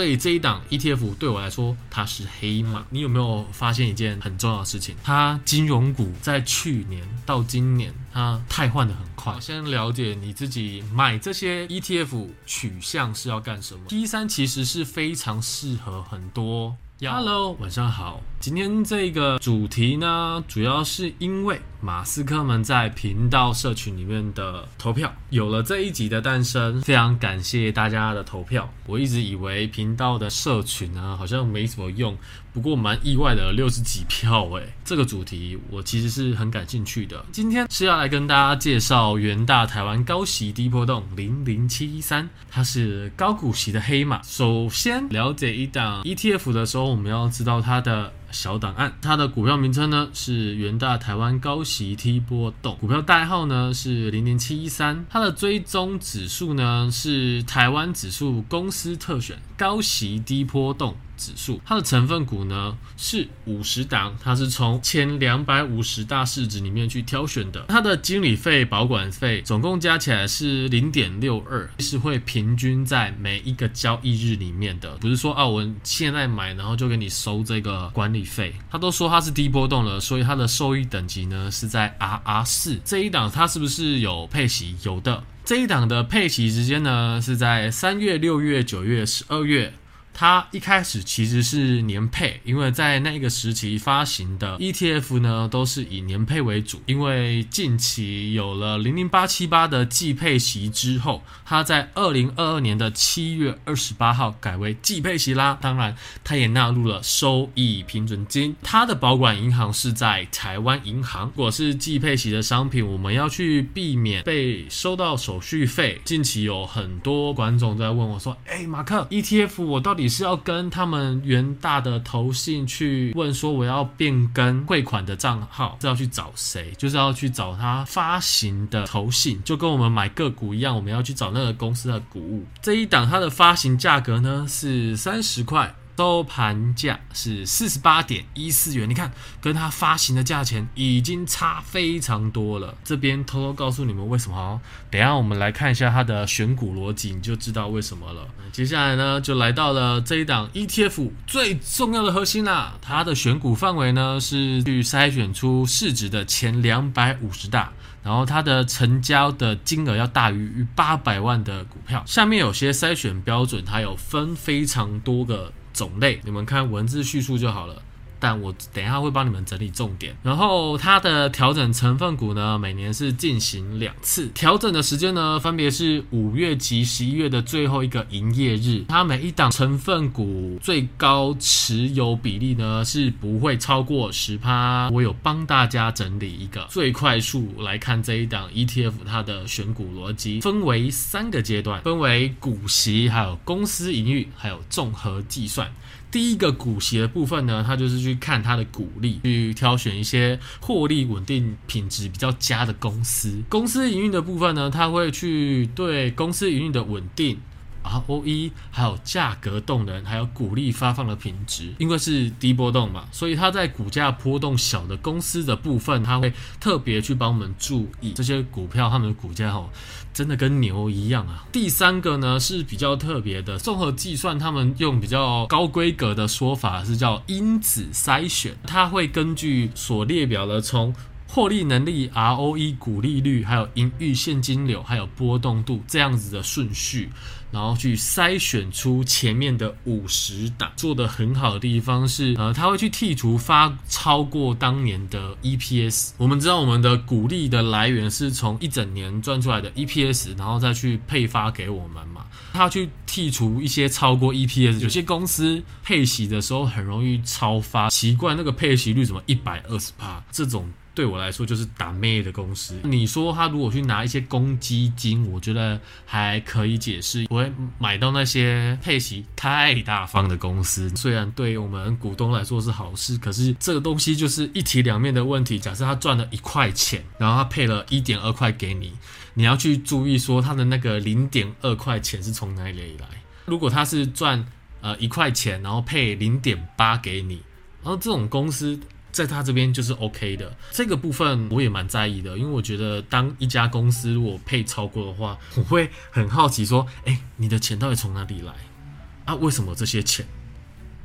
所以這一檔 ETF 對我來說，它是黑馬。你有沒有發現一件很重要的事情？它金融股在去年到今年，它汰換得很快。我先了解，你自己買這些 ETF 取向是要幹什麼？T 三其實是非常適合很多要 Hello，晚上好。今天這個主題呢，主要是因為馬濕克們在頻道社群裡面的投票有了這一集的誕生，非常感謝大家的投票。我一直以為頻道的社群呢好像沒什麼用，不過蠻意外的六十幾票哎、欸。這個主題我其實是很感興趣的，今天是要來跟大家介紹元大台灣高息低波動零零七一三，它是高股息的黑馬。首先了解一檔 ETF 的時候，我們要知道它的。小檔案，它的股票名稱呢是元大台灣高息低波動，股票代號呢是零零七一三，它的追蹤指數呢是台灣指數公司特選高息低波動指數它的成分股呢是五十檔，它是從前兩百五十大市值裡面去挑選的。它的經理費、保管費總共加起來是零點六二，是會平均在每一個交易日裡面的，不是說啊，我現在買，然後就給你收這個管理費。他都說它是低波動了，所以它的收益等級呢是在 RR 四這一檔，它是不是有配息？有的，這一檔的配息時間呢是在三月、六月、九月、十二月。它一開始其實是年配，因為在那一個時期發行的 ETF 呢，都是以年配為主。因為近期有了零零八七八的季配息之後，它在二零二二年的七月二十八號改為季配息啦。當然，它也納入了收益平準金。它的保管銀行是在台灣銀行。如果是季配息的商品，我們要去避免被收到手續費。近期有很多觀眾在問我說：“哎、欸，馬克，ETF 我到底？”是要跟他們元大的投信，去問說，我要變更匯款的賬號是要去找誰？就是要去找他發行的投信，就跟我們買個股一樣，我們要去找那個公司的股務。這一檔它的發行價格呢是三十塊。收盤價是四十八點一四元，你看，跟它發行的價錢已經差非常多了。這邊偷偷告訴你們為什麼哦，等下我們來看一下它的選股邏輯，你就知道為什麼了。接下來呢，就來到了這一檔 ETF 最重要的核心啦，它的選股範圍呢是去篩選出市值的前兩百五十大，然後它的成交的金額要大於八百萬的股票。下面有些篩選標準，它有分非常多個。種類，你們看文字敘述就好了。但我等一下會幫你們整理重點。然後它的調整成分股呢，每年是進行兩次調整的時間呢，分別是五月及十一月的最後一個營業日。它每一檔成分股最高持有比例呢是不會超過十趴。我有幫大家整理一個最快速來看這一檔 ETF 它的選股邏輯，分為三個階段，分為股息、還有公司盈餘、還有綜合計算。第一個股息的部分呢，他就是去看他的股利，去挑選一些獲利穩定、品質比較佳的公司。公司營運的部分呢，他會去對公司營運的穩定。ROE，還有價格動能，還有股利發放的品質。因為是低波動嘛，所以它在股價波動小的公司的部分，它會特別去幫我們注意這些股票，它們的股價哦，真的跟牛一樣啊。第三個呢是比較特別的，綜合計算，他們用比較高規格的說法是叫因子篩選，它會根據所列表的從。獲利能力、ROE、股利率，還有盈餘現金流，還有波動度這樣子的順序，然後去篩選出前面的五十檔，做得很好的地方是，呃，他會去剔除發超過當年的 EPS。我們知道我們的股利的來源是從一整年賺出來的 EPS，然後再去配發給我們嘛。他去剔除一些超過 EPS，有些公司配息的時候很容易超發，奇怪，那個配息率怎麼一百二十趴？這種。對我來說就是打咩的公司。你說他如果去拿一些公積金，我覺得還可以解釋。我買到那些配息太大方的公司，雖然對我們股東來說是好事，可是這個東西就是一體兩面的問題。假設他賺了一塊錢，然後他配了一點二塊給你，你要去注意說他的那個零點二塊錢是從哪裡來。如果他是賺呃一塊錢，然後配零點八給你，然後這種公司。在他這邊就是 OK 的，這個部分我也蠻在意的，因為我覺得當一家公司如果配超過的話，我會很好奇說，哎、欸，你的錢到底從哪裡來啊？為什麼這些錢？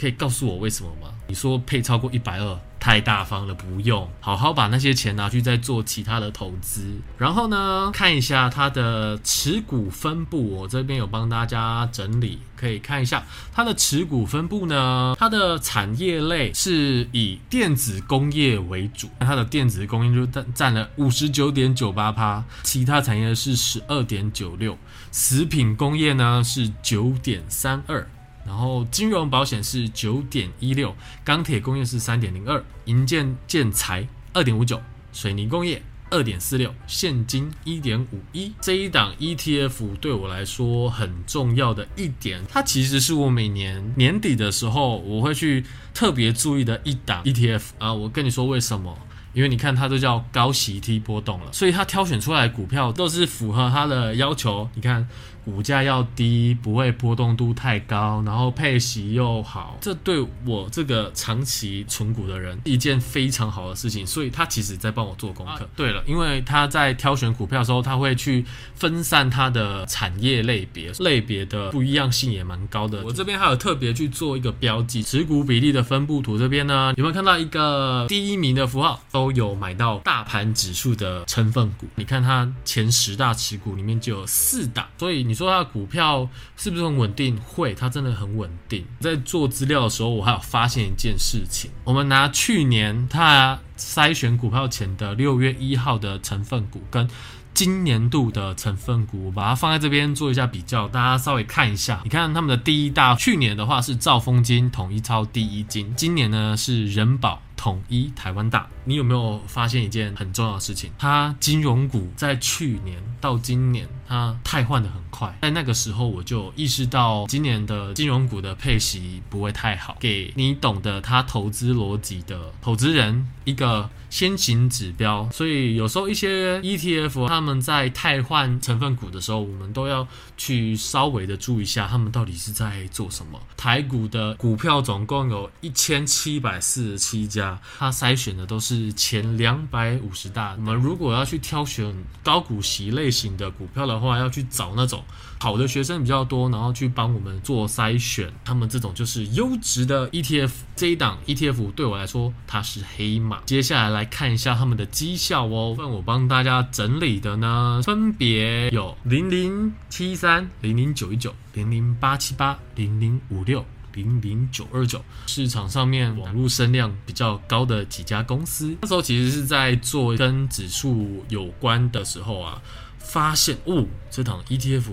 可以告訴我為什麼嗎？你說配超過一百二。太大方了，不用，好好把那些錢拿去再做其他的投資。然後呢，看一下它的持股分布，我這邊有幫大家整理，可以看一下它的持股分布呢。它的產業類是以電子工業為主，它的電子工業就占占了五十九點九八趴，其他產業是十二點九六，食品工業呢是九點三二。然後金融保險是九點一六，鋼鐵工業是三點零二，營建建材二點五九，水泥工業二點四六，現金一點五一。這一檔 ETF 對我來說很重要的一點，它其實是我每年年底的時候我會去特別注意的一檔 ETF 啊。我跟你說為什麼？因為你看，它這叫高息低波動了，所以它挑選出來股票都是符合它的要求。你看，股價要低，不會波動度太高，然後配息又好，這對我這個長期存股的人是一件非常好的事情。所以它其實在幫我做功課。對了，因為他在挑選股票的時候，他會去分散他的產業類別，類別的不一樣性也蠻高的。我這邊還有特別去做一個標記，持股比例的分布圖這邊呢，有沒有看到一個第一名的符號？都有買到大盤指數的成分股，你看它前十大持股裡面就有四檔，所以你說它的股票是不是很穩定？會，它真的很穩定。在做資料的時候，我還有發現一件事情，我們拿去年它篩選股票前的六月一號的成分股跟今年度的成分股，我把它放在這邊做一下比較，大家稍微看一下，你看他們的第一大，去年的話是兆豐金統一超第一金，今年呢是人保，統一台灣大，你有沒有發現一件很重要的事情？它金融股在去年到今年它汰換的很快，在那個時候我就意識到今年的金融股的配息不會太好，給你懂得它投資邏輯的投資人一個先行指標。所以有時候一些 ETF 他們在汰換成分股的時候，我們都要去稍微的注意一下，他們到底是在做什麼。台股的股票總共有一千七百四十七家。它篩選的都是前兩百五十大。我們如果要去挑選高股息類型的股票的話，要去找那種好的學生比較多，然後去幫我們做篩選。他們這種就是優質的 ETF，這一檔 ETF 對我來說，它是黑馬。接下來來看一下他們的績效哦，讓我幫大家整理的呢，分別有零零七一三、零零九一九、零零八七八、零零五六、零零九二九，市場上面網路聲量比較高的幾家公司，那時候其實是在做跟指數有關的時候啊，發現哦，這檔 ETF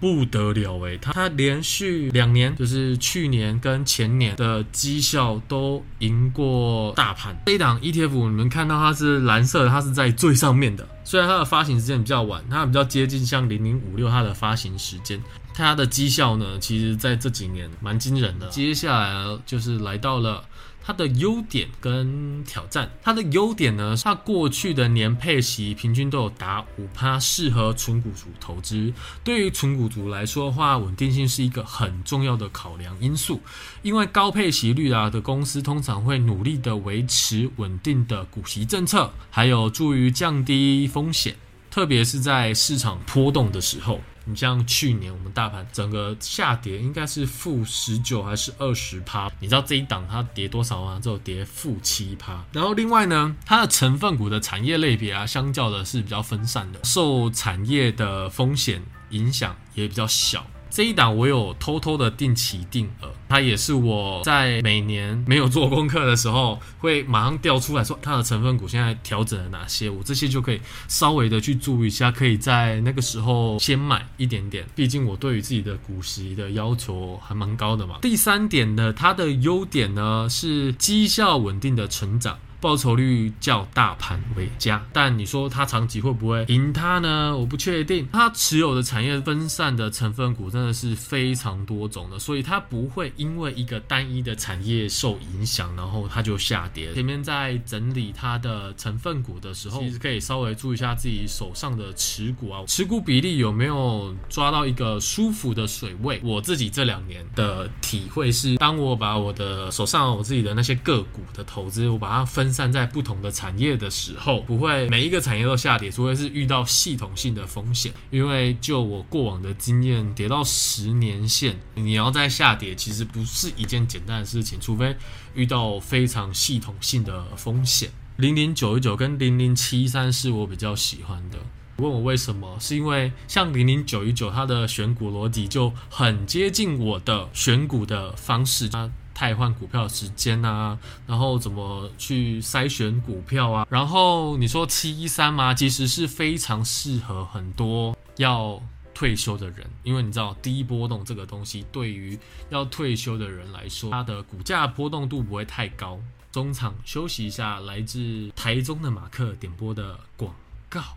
不得了誒，它它連續兩年，就是去年跟前年的績效都贏過大盤。這一檔 ETF 你們看到它是藍色，它是在最上面的，雖然它的發行時間比較晚，它比較接近像零零五六它的發行時間。它的績效呢，其實在這幾年蠻驚人的。接下來就是來到了它的優點跟挑戰。它的優點呢，它過去的年配息平均都有達五趴，適合存股族投資。對於存股族來說的話，穩定性是一個很重要的考量因素。因為高配息率啊的公司，通常會努力的維持穩定的股息政策，還有助於降低風險。特別是在市場波動的時候，你像去年我們大盤整個下跌，應該是負十九還是二十趴？你知道這一檔它跌多少嗎？只有跌負七趴。然後另外呢，它的成分股的產業類別啊，相較的是比較分散的，受產業的風險影響也比較小。這一檔我有偷偷的定期定額，它也是我在每年沒有做功課的時候，會馬上調出來說它的成分股現在調整了哪些，我這些就可以稍微的去注意一下，可以在那個時候先買一點點，畢竟我對於自己的股息的要求還蠻高的嘛。第三點呢，它的優點呢是績效穩定的成長。報酬率較大盤為佳，但你說它長期會不會贏它呢？我不確定。它持有的產業分散的成分股真的是非常多種的，所以它不會因為一個單一的產業受影響，然後它就下跌。前面在整理它的成分股的時候，其實可以稍微注意一下自己手上的持股啊，持股比例有沒有抓到一個舒服的水位。我自己這兩年的體會是，當我把我的手上，我自己的那些個股的投資，我把它分散，散在不同的產業的時候，不會每一個產業都下跌，除非是遇到系統性的風險。因為就我過往的經驗，跌到十年線，你要再下跌，其實不是一件簡單的事情，除非遇到非常系統性的風險。零零九一九跟零零七一三是我比較喜歡的。問我為什麼？是因為像零零九一九，它的選股邏輯就很接近我的選股的方式。汰換股票的時間啊，然後怎麼去篩選股票啊？然後你說七一三嘛，其實是非常適合很多要退休的人，因為你知道低波動這個東西，對於要退休的人來說，它的股價波動度不會太高。中場休息一下，來自台中的馬克點播的廣。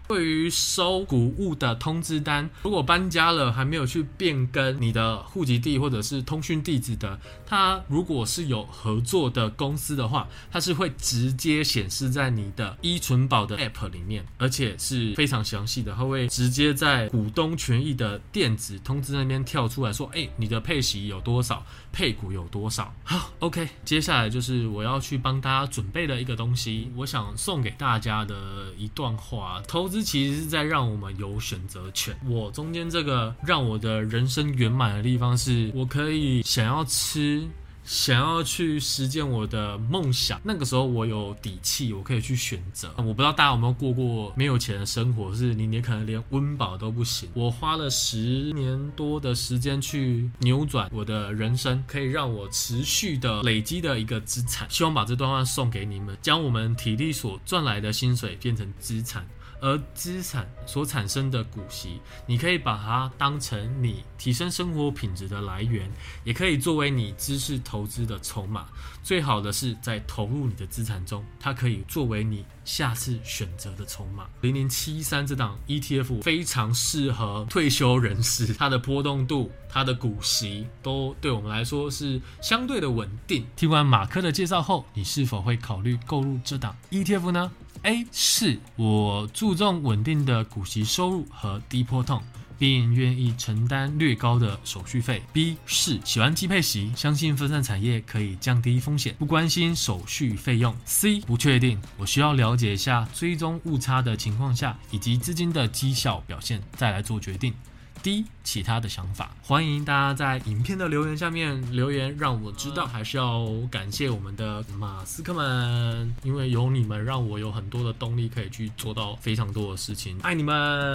對於收股務的通知單，如果搬家了還沒有去變更你的戶籍地或者是通訊地址的，它如果是有合作的公司的話，它是會直接顯示在你的 e 存摺的 App 裡面，而且是非常詳細的，它會直接在股東權益的電子通知那邊跳出來說，哎，你的配息有多少，配股有多少。好，OK，接下來就是我要去幫大家準備的一個東西，我想送給大家的一段話。投資其實是在讓我們有選擇權。我中間這個讓我的人生圓滿的地方是，我可以想要吃，想要去實踐我的夢想。那個時候我有底氣，我可以去選擇。我不知道大家有沒有過過沒有錢的生活？是，你你可能連溫飽都不行。我花了十年多的時間去扭轉我的人生，可以讓我持續的累積的一個資產。希望把這段話送給你們，將我們體力所賺來的薪水變成資產。而資產所產生的股息，你可以把它當成你提升生活品質的來源，也可以作為你知識投資的籌碼。最好的是在投入你的資產中，它可以作為你下次選擇的籌碼。零零七一三這檔 ETF 非常適合退休人士，它的波動度、它的股息都對我們來說是相對的穩定。聽完馬克的介紹後，你是否會考慮購入這檔 ETF 呢？A 是，我注重穩定的股息收入和低波動，並願意承擔略高的手續費。B 是，喜歡季配息，相信分散產業可以降低風險，不關心手續費用。C 不確定，我需要了解一下追蹤誤差的情況下，以及資金的績效表現，再來做決定。低其他的想法，歡迎大家在影片的留言下面留言，讓我知道。嗯、還是要感謝我們的馬濕克們，因為有你們，讓我有很多的動力可以去做到非常多的事情。愛你們！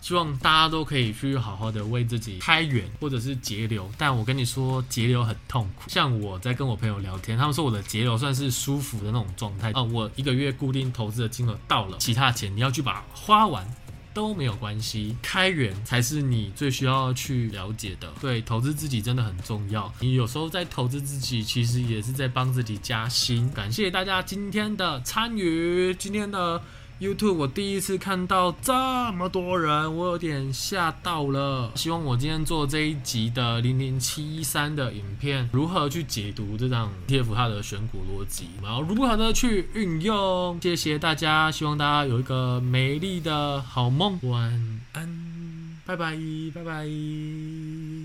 希望大家都可以去好好的為自己開源或者是節流。但我跟你說，節流很痛苦。像我在跟我朋友聊天，他們說我的節流算是舒服的那種狀態啊、嗯。我一個月固定投資的金額到了，其他的錢你要去把花完。都沒有關係，開源才是你最需要去了解的。對，投資自己真的很重要。你有時候在投資自己，其實也是在幫自己加薪。感謝大家今天的參與，今天的。YouTube，我第一次看到這麼多人，我有點嚇到了。希望我今天做這一集的00713的影片，如何去解讀這張 TF 它的選股邏輯，然後如何的去運用。謝謝大家，希望大家有一個美麗的好夢，晚安，拜拜，拜拜。